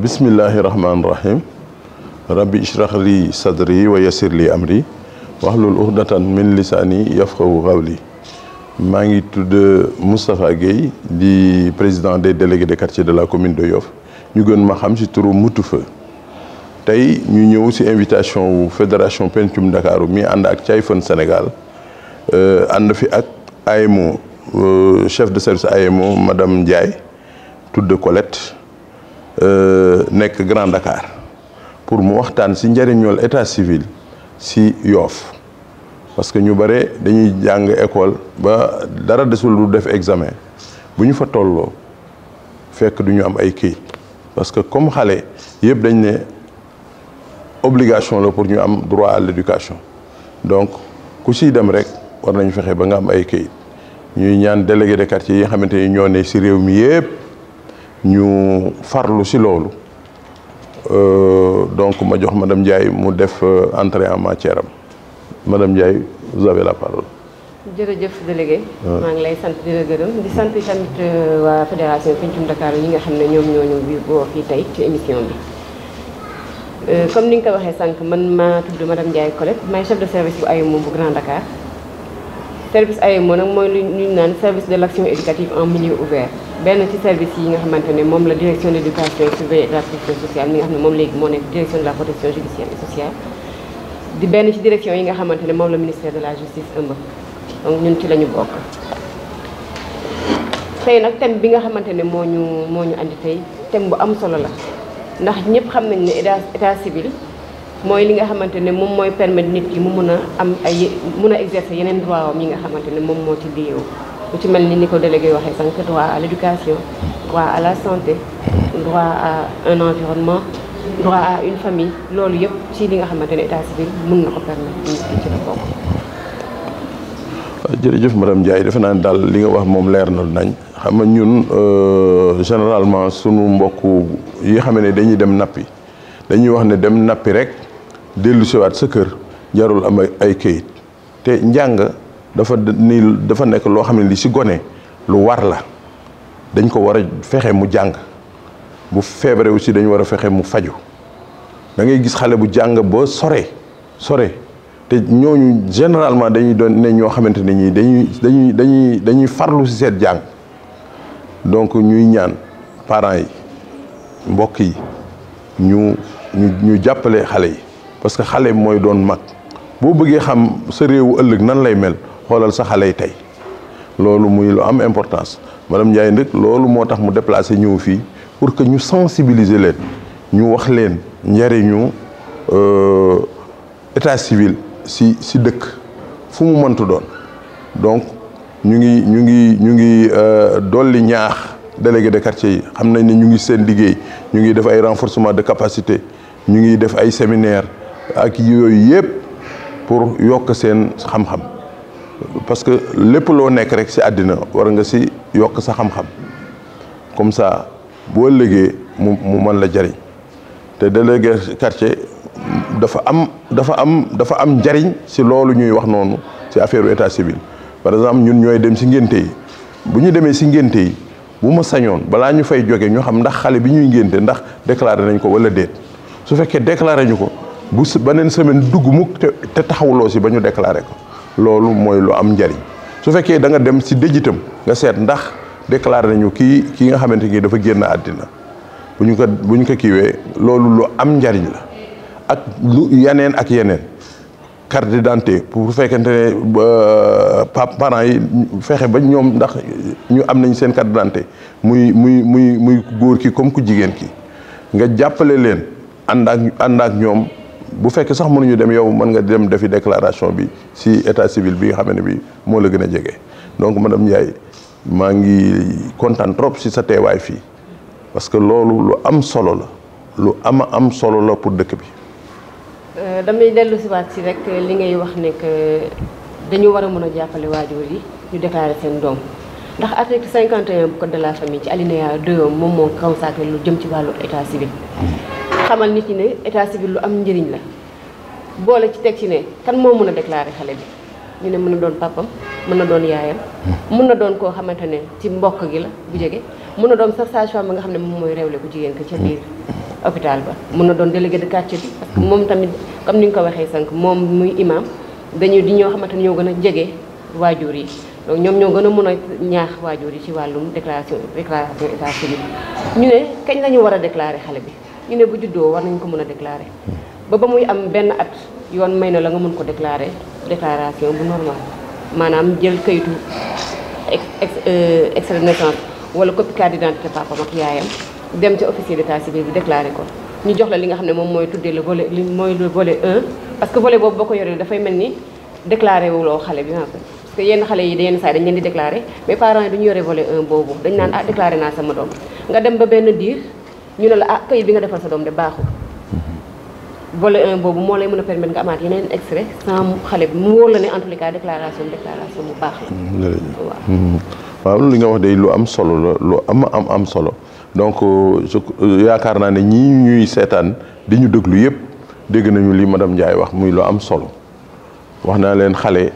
بسم الله الرحمن الرحيم ربي اشرح لي صدري ويسر لي امري واحلل عقده من لساني يفقهوا قولي ماغي تود مصطفى غي دي بريزيدان دي ديليغي دي كارتي دو لا كومين دو يوف ني غن ما خام سي تورو موتوفا تاي ني نييو سي انفيتاسيون و فيدراسيون بينتوم داكارو مي اند اك تشاي فون سنغال اند في اك ايمو شيف دو سيرفيس ايمو مدام جاي تود كوليت Euh, nek Grand Dakar pour mu waxtaan si njëriñool état civil si Yoff parce que ñu bare dañuy jang école ba dara dessul lu def examen buñu fa tollo fekk duñu am ay kii parce que comme xalé yeb dañ né obligation la pour ñu am droit à l'éducation donc ku siy dem rek war nañ fexé ba nga am ay kayit ñuy ñaan délégué de quartier yi nga ñoo né si réew mi ñu farlu ci lolu euh donc ma jox madame Ndiaye mu def euh, entrée en matière madame Ndiaye vous avez la parole jërëjëf délégué ma ngi lay sant di la di sant tamit euh, wa fédération Pencum Dakar yi nga xamné ñom ñoo ñu bi bo fi tay ci émission bi euh, comme ni nga ko waxee man ma tuddu madame Ndiaye Colette may chef de service bu AEMO bu Grand Dakar service AEMO nag mooy lu ñu nane service de l'action éducative en milieu ouvert Ben, ci service yi nga xamantene mom la direction de l'éducation surveillance la protection sociale mi nga xam ne moom léegi direction de la protection judiciaire et sociale di ben ci direction yi nga xamantene mom la ministère de la justice ëmb donc ñun ci lañu ñu bokk tey nag thème bi nga xamantene ne moo ñu moo ñu andi tay thème bu am solo la ndax ñepp xam nañ ni état civil moy li nga xamantene mom moy permettre nit ki mu mun am ay mun a exercer yeneen droit yi nga xamantene mom mo moo ci liyeewu ci mel ni ni ko loolu yëpp ci li nga xamante ne état civil mën na ko permettre nit ki ci la bokk. Ah, jërëjëf madame Ndiaye defe naa ne daal li nga wax moom leer na nañ xam nga ñun euh, généralement sunu mbokk yi nga xam ne dañuy dem nappi dañuy wax ne dem nappi rek dellu siwaat sa kër jarul am ay kayit te njàng. dafa ni dafa nekk loo xam ne li si gone lu war la dañ ko war a fexe mu jàng bu feebaree aussi dañu war a fexe mu faju da ngay gis xale bu jàng ba sore sore te ñooñu généralement dañuy doon ne ñoo xamante ne ñii dañuy dañuy dañuy dañuy farlu si seet jàng donc ñuy ñaan parent yi mbokk yi ñu ñu jàppale xale yi parce que xale mooy doon mag boo bëggee xam sa réewu ëllëg nan lay mel xoolal sa xale tay tey muy lu am importance madame Ndiaye nag loolu motax mu déplacer ñëw fi pour que ñu sensibiliser leen ñu wax leen euh état civil si si deuk fu mu mëntu doon donc ñu ngi ñu ngi ñu ngi euh doli ñaax délégué de quartier xamnañ ni ñu ngi seen liggéey ñu ngi def ay renforcement de capacité ñu ngi def ay séminaire ak yooyu yépp pour yokk seen xam-xam parce que lépp loo nekk rek si àddina war nga si yokk sa xam-xam comme sa boo liggéey mu mu mën la jariñ te délégué quartier dafa am dafa am dafa am njariñ si loolu ñuy wax noonu ci affaire état civil par exemple ñun ñooy dem si ngénte yi bu ñu demee si ngénte yi bu ma sañoon balaa ñu fay jóge ñu xam ndax xale bi ñuy ngénte ndax déclaré nañ ko wala déet su fekkee déclaré ñu ko bu beneen semaine dugg mukk te taxawuloo si ba ñu déclaré ko loolu mooy lu am njariñ su fekkee da nga dem si déjitam nga seet ndax déclaré nañu kii kii nga xamante ni dafa génn àddina bu ñu ko bu ñu ko kiiwee loolu lu am njariñ la ak yeneen ak yeneen carte d'identité pour fekkente ne parents yi fexe ba ñoom ndax ñu am nañ seen muy muy muy muy góor ki comme ku jigéen ki nga jàppale leen ànd ak ànd ak ñoom bu fekkee sax mënuñu dem yow mën nga dem defi déclaration bi si état civil bi nga bi moo la gën a donc madame Ndiaye maa ngi kontaan trop si sa teewaay fii parce que loolu lu am solo la lu ama am solo la pour dëkk bi. Euh, damay dellu si waat si rek li ngay wax ne que dañu war a mën a jàppale waajur yi ñu déclaré seen doom ndax article 51 du code de la famille ci alinéa 2 moom moo consacré lu jëm ci wàllu état civil. xamal nit ñi ne état civil lu am njëriñ la boole ci teg ci ne kan moo mën a déclarer xale bi ñu ne mën na doon papam mën na doon yaayam hmm. mën na doon koo xamante ne ci mbokk gi la bu jege mën na doon sax sage-femme ba nga xam ne moom mooy réewle ku jigéen ko ca hmm. biir hôpital ba mën na doon délégué de quartier bi parce que moom tamit comme ni nga ko waxee sànq moom muy imam dañuy di ñoo xamante ne ñoo gën a jege waajur yi donc ñoom ñoo gën a mën a ñaax waajur yi ci wàllum déclaration déclaration état civil ñu ne kañ la ñu war a déclarer xale bi ñu ne bu juddoo war nañ ko mën a déclaré ba ba muy am benn at yoon may na la nga mën ko déclaré déclaration bu normal maanaam jël kayitu euh, extrait de naissance wala copie carte d'identité papa mak yaayam dem ci officier d'état civil bi déclaré ko ñu jox la li nga xam ne moom mooy tuddee le volet li mooy le volet 1 parce que volet boobu boo ko yoree dafay mel ni déclaré wuloo xale bi nga xam parce que yenn xale yi da yenn saay dañ leen di déclaré mais parents yi duñu yore volet 1 boobu dañ naan ah déclaré naa sama doom nga dem ba benn diir ñu ne la ah kayit bi nga defal sa doom de baaxul mm-hmm. volet 1 boobu moo lay mën a permettre nga amaat yeneen extrait sans xale bi mu wóor ne en tout cas déclaration déclaration mu baax la. Mm-hmm. waaw mm-hmm. waaw li nga wax de lu am solo la am am am solo donc euh, euh, yaakaar naa ne ñii ñuy seetaan di ñu déglu yëpp dégg nañu lii ma madame Ndiaye wax muy lu am solo wax naa leen xale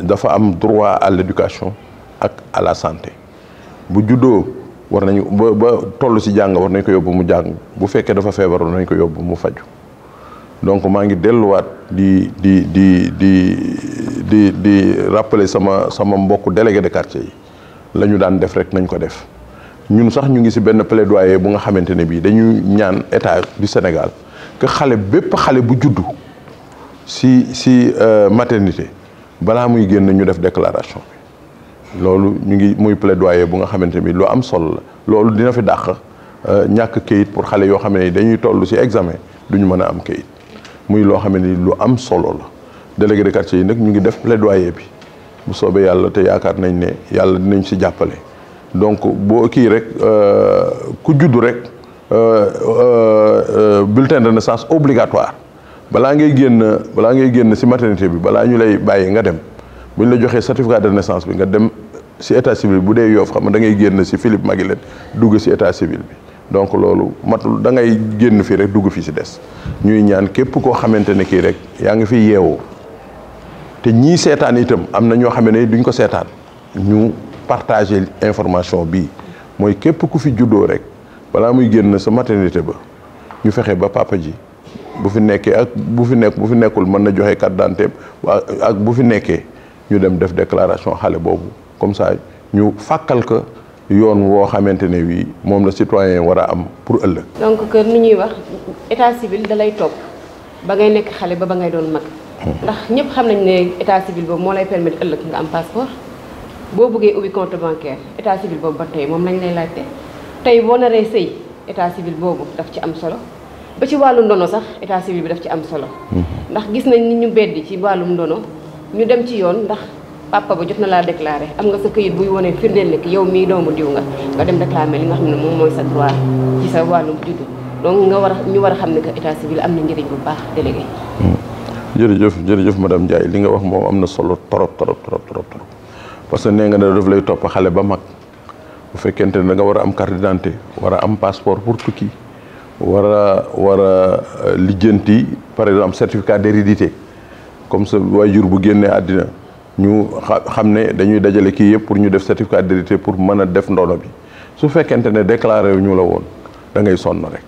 dafa am droit à l'éducation ak à la santé bu juddoo. war nañu ba ba toll si jàng war nañ ko yobbu mu jang bu fekke dafa febar war nañ ko yobbu mu faju donc ma ngi wat di di di di di di rappeler sama sama mbokk délégué de quartier yi lañu daan def rek nañ ko def ñun sax ñu ngi si benn plaidoyer bu nga xamantene bi dañu ñaan état du Sénégal ke xalé bép xalé bu juddu si si euh, maternité bala muy génn ñu def déclaration loolu ñu ngi muy plaidoyer bu nga xamante ni lu am solo la loolu dina fi dàq euh, ñàkk kayit pour xale yoo xam ne dañuy toll ci examen duñu mën a am kayit muy loo xam ne lu am solo la délégué de quartier yi nag ñu ngi def plaidoyer bi bu soobee yàlla te yaakaar nañ ne yàlla dinañ ci jàppale donc boo kii rek euh, ku juddu rek euh, bulletin de naissance obligatoire balaa ngay génn balaa ngay génn ci maternité bi balaa ñu lay bàyyi nga dem buñ la joxee certificat de naissance bi nga dem si état civil bu dee yoof xam da ngay génn si Philippe Maguilet dugg si état civil bi donc loolu matul da ngay génn fii rek dugg fii si des ñuy ñaan képp koo xamante ne kii rek yaa ngi fi yeewoo te ñii seetaan itam am na ñoo xam ne duñ ko seetaan ñu partager information bii mooy képp ku fi juddoo rek balaa muy génn sa maternité ba ñu fexe ba papa ji bu fi nekkee ak bu fi nekk bu fi nekkul mën na joxe carte d'identité ak bu fi nekkee ñu dem def déclaration xale boobu comme ça ñu fàkkal ko yoon woo xamante ne wii moom la citoyen war a am pour ëllëg. donc que ni ñuy wax état civil da lay topp ba ngay nekk xale ba ba ngay doon mag. ndax ñëpp xam nañ ne état civil boobu moo lay permettre ëllëg nga am passeport boo bëggee ubbi compte bancaire état civil boobu ba tey moom lañ lay laajte tey boo naree sëy état civil boobu daf ci am solo. ba ci wàllu ndono sax état bi daf ci am solo. Mhm. ndax gis nañ ni ñu beddi ci wàllum ndono ñu dem ci yoon ndax. papa ba jot na am nga sa këyit yow mii xam na njëriñ bu hmm. jërëjëf jërëjëf madame li nga wax moom am na solo torop torop torop parce que nee nga ne lay topp xale ba mag bu fekkente ne da nga war a am carte war a am passeport pour tukki war a war euh, lijjanti par exemple certificat d'hérédité comme sa waajur bu génnee àddina. ñu xam dañuy dajalé ki yëpp pour ñu def certificat d'identité pour mëna def ndono bi su fekkente né déclaré ñu la woon da ngay sonn rek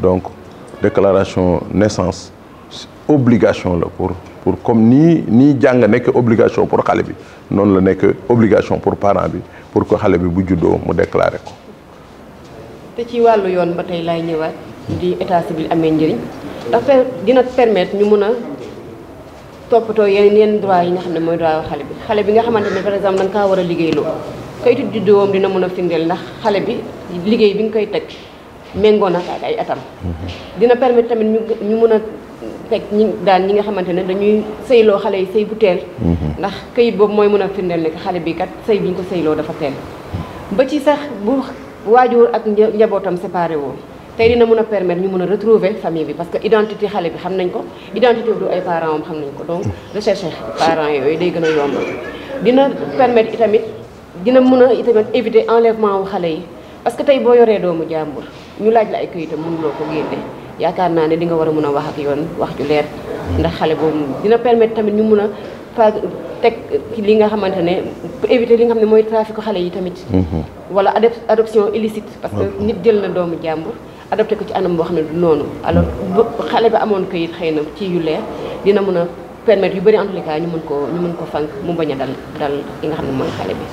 donc déclaration naissance obligation là pour pour comme ni ni jang nek obligation pour xalé bi non la nek obligation pour parent bi pour que xalé bi bu juddoo mu déclarer ko. te ci walu yoon batay lay laay ñëwaat di état civil amee njëriñ dafa dina permettre ñu mëna toppatoo yeneen yenn droit yi nga xam ne mooy droit wu xale bi xale bi nga xamante ne par exemple da nga kaa war a liggéeyloo kayitu juddoom mën a firndeel ndax xale bi liggéey bi nga koy teg méngoo na ay atam mhm. dina permettre tamit ñu mën a teg ñi daal ñi nga xamante ne dañuy sëyloo xale yi sëy bu teel mhm. ndax kayit boobu mooy mën a firndeel ne xale bi kat sëy bi ñu ko sëyloo dafa teel ba ci sax bu waajur ak njabootam séparé woo tey dina mun a permettre ñu mën a retrouver famille bi parce que identité xale bi xam nañ ko identité du ay parents am xam nañ ko donc recherche parents yooyu day gën a yomb dina permettre itamit dina mën a itamit éviter enlèvement wu xale yi parce que tey boo yoree doomu jàmbur ñu laaj la ay këyitam ko génne yaakaar naa ne di war a mun a wax ak yoon wax ju leer ndax xale boobu dina permettre tamit ñu mun a pa teg li nga xamante ne pour éviter li nga xam ne mooy ko xale yi tamit mhm. wala adoption illicite parce que nit jël na doomu jàmbur adapté ko ci anam bo xamné ne du noonu alors xalé bi amone ko yit xeyna ci yu leer dina mëna permettre yu bari en tout cas ñu mën ko ñu mën ko fank mu baña dal dal yi nga xamné mo xalé bi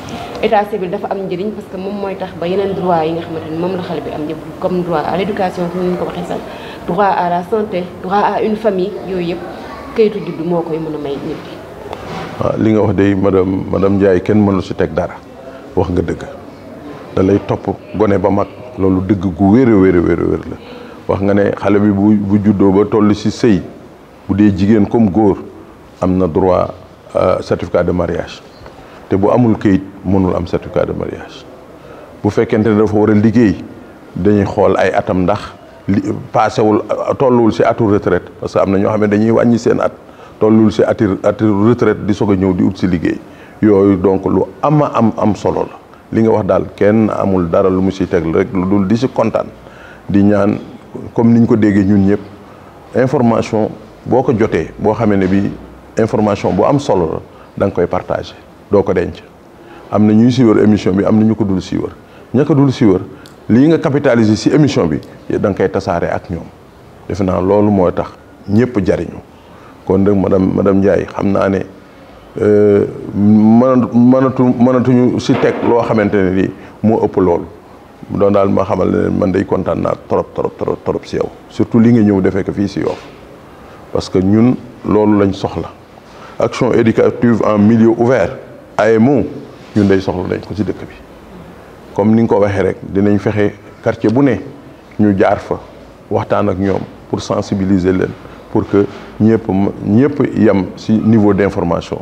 état civil dafa am njëriñ parce que mom moy tax ba yenen droit yi nga xamné mom la xalé bi am yëpp comme droit à l'éducation ñu ko waxé sax droit à la santé droit à une famille yoy yëpp kayitu judd mo koy mëna may nit ki ah, li nga wax day madame madame Ndiaye kenn mënu ci tek dara wax nga dëgg da lay top goné ba mak loolu dégg gu wér a wér a la wax nga ne xale bi bu bu juddoo ba tollu ci sëy bu dee jigéen comme góor am na droit euh, certificat de mariage te bu amul këyit mënul am certificat de mariage bu fekkente ne dafa war a liggéey dañuy xool ay atam ndax li paasewul tolluwul ci atu retraite parce que am na ñoo xam ne dañuy wàññi seen at tollul ci ati atu retraite di soog a ñëw di ut ci liggéey yooyu donc lu ama am am solo la li nga wax daal kenn amul dara lu mu si teg rek lu dul di si kontaan di ñaan comme niñ ko déggee ñun ñëpp information boo ko jotee boo xamee ne bi information bu am solo la da nga koy partage doo ko denc am na ñuy suivre émission bi am na ñu ko dul suivre ña ko dul suivre lii nga capitaliser si émission bi danga koy tasaare ak ñoom defe naa loolu moo tax ñëpp jariñu kon nag madame madame Ndiaye xam naa ne euh, manatu mënatu mënatuñu si teg loo xamante ne nii moo ëpp loolu doon daal ma xamal ne man day contane na trop trop trop trop si yow surtout li nga ñëw defee ko fi si yow parce que ñun loolu lañ soxla action éducative en milieu ouvert AEMO ñun day soxla dañ ko si dëkk bi comme ni nga ko waxee rek dinañ fexé quartier bu né ñu jaar fa waxtaan ak ñoom pour sensibiliser leen pour que ñëpp ñëpp yam si niveau d'information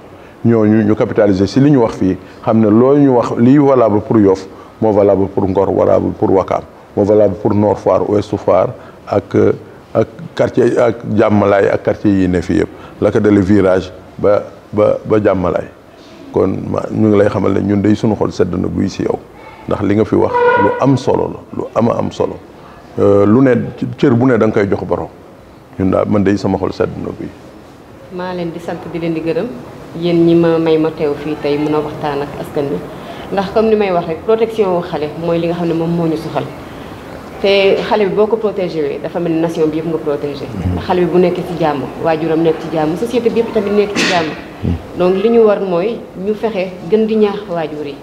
ñoo ñu ñu capitaliser si li ñu wax fii xam ne loolu ñu wax lii valable pour Yoff moo valable pour Ngor valable pour Wakaam moo valable pour Nord Foire Ouest Foire ak ak quartier ak jàmmalaay ak quartier yi ne fii yëpp la ko dale virage ba ba ba jàmmalaay kon ma ñu ngi lay xamal ne ñun day suñu xol sedd na buy si yow ndax li nga fi wax lu am solo la lu ama am solo euh, lu ne cër bu ne danga koy jox borom ñun daal man day sama xol sedd na buy. maa leen di yéen ñi ma may ma teew fii tey mën a waxtaan ak askan wi ndax comme ni may wax rek protection wu xale mooy li nga xam ne moom moo ñu soxal te xale bi boo ko protégé dafa mel ni nation bi yëpp nga protégé mm-hmm. xale bi bu nekkee ci jàmm waajuram nekk ci jàmm société bi yëpp tamit nekk ci jàmm mm-hmm. donc li ñu war mooy ñu fexe gën di ñaax waajur yi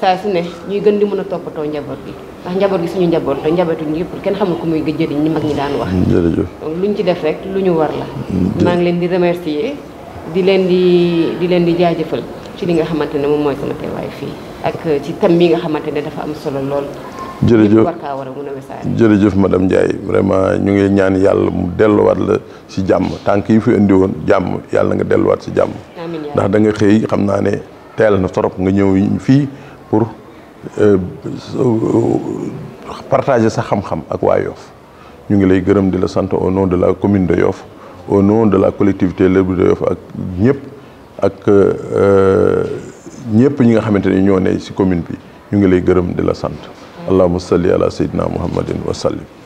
saa su ne ñuy gën di mun a toppatoo njaboot gi ndax njaboot gi suñu njaboot te njabootu yëpp kenn xamul ku muy gëj jëriñ mag ñi daan wax mm-hmm. donc lu ñu ci def rek lu ñu war la maa ngi leen di remercier di leen di di leen di jaajëfal ci li nga xamante ne moom mooy sama teewaay fii ak ci thème bi nga xamante dafa am solo lool. jërëjëf war kaa war a mun a vraiment ñu ngi ñaan yàlla mu delluwaat la si jàmm tànk yi fi indi woon jàmm yàlla nga delluwaat si jàmm. ndax da xëy xam naa ne teel na torop nga ñëw fii pour euh, partage sax xam-xam ak waa Yoff ñu ngi lay gërëm di la sant au nom de la commune de Yoff au nom de la collectivité Lébu de Yoff ak ñëpp ak euh, ñëpp ñi nga xamante ni ñoo ne ci commune bi ñu ngi lay gërëm di la sant allahuma salli ala sayyidina muhammadin wa sallim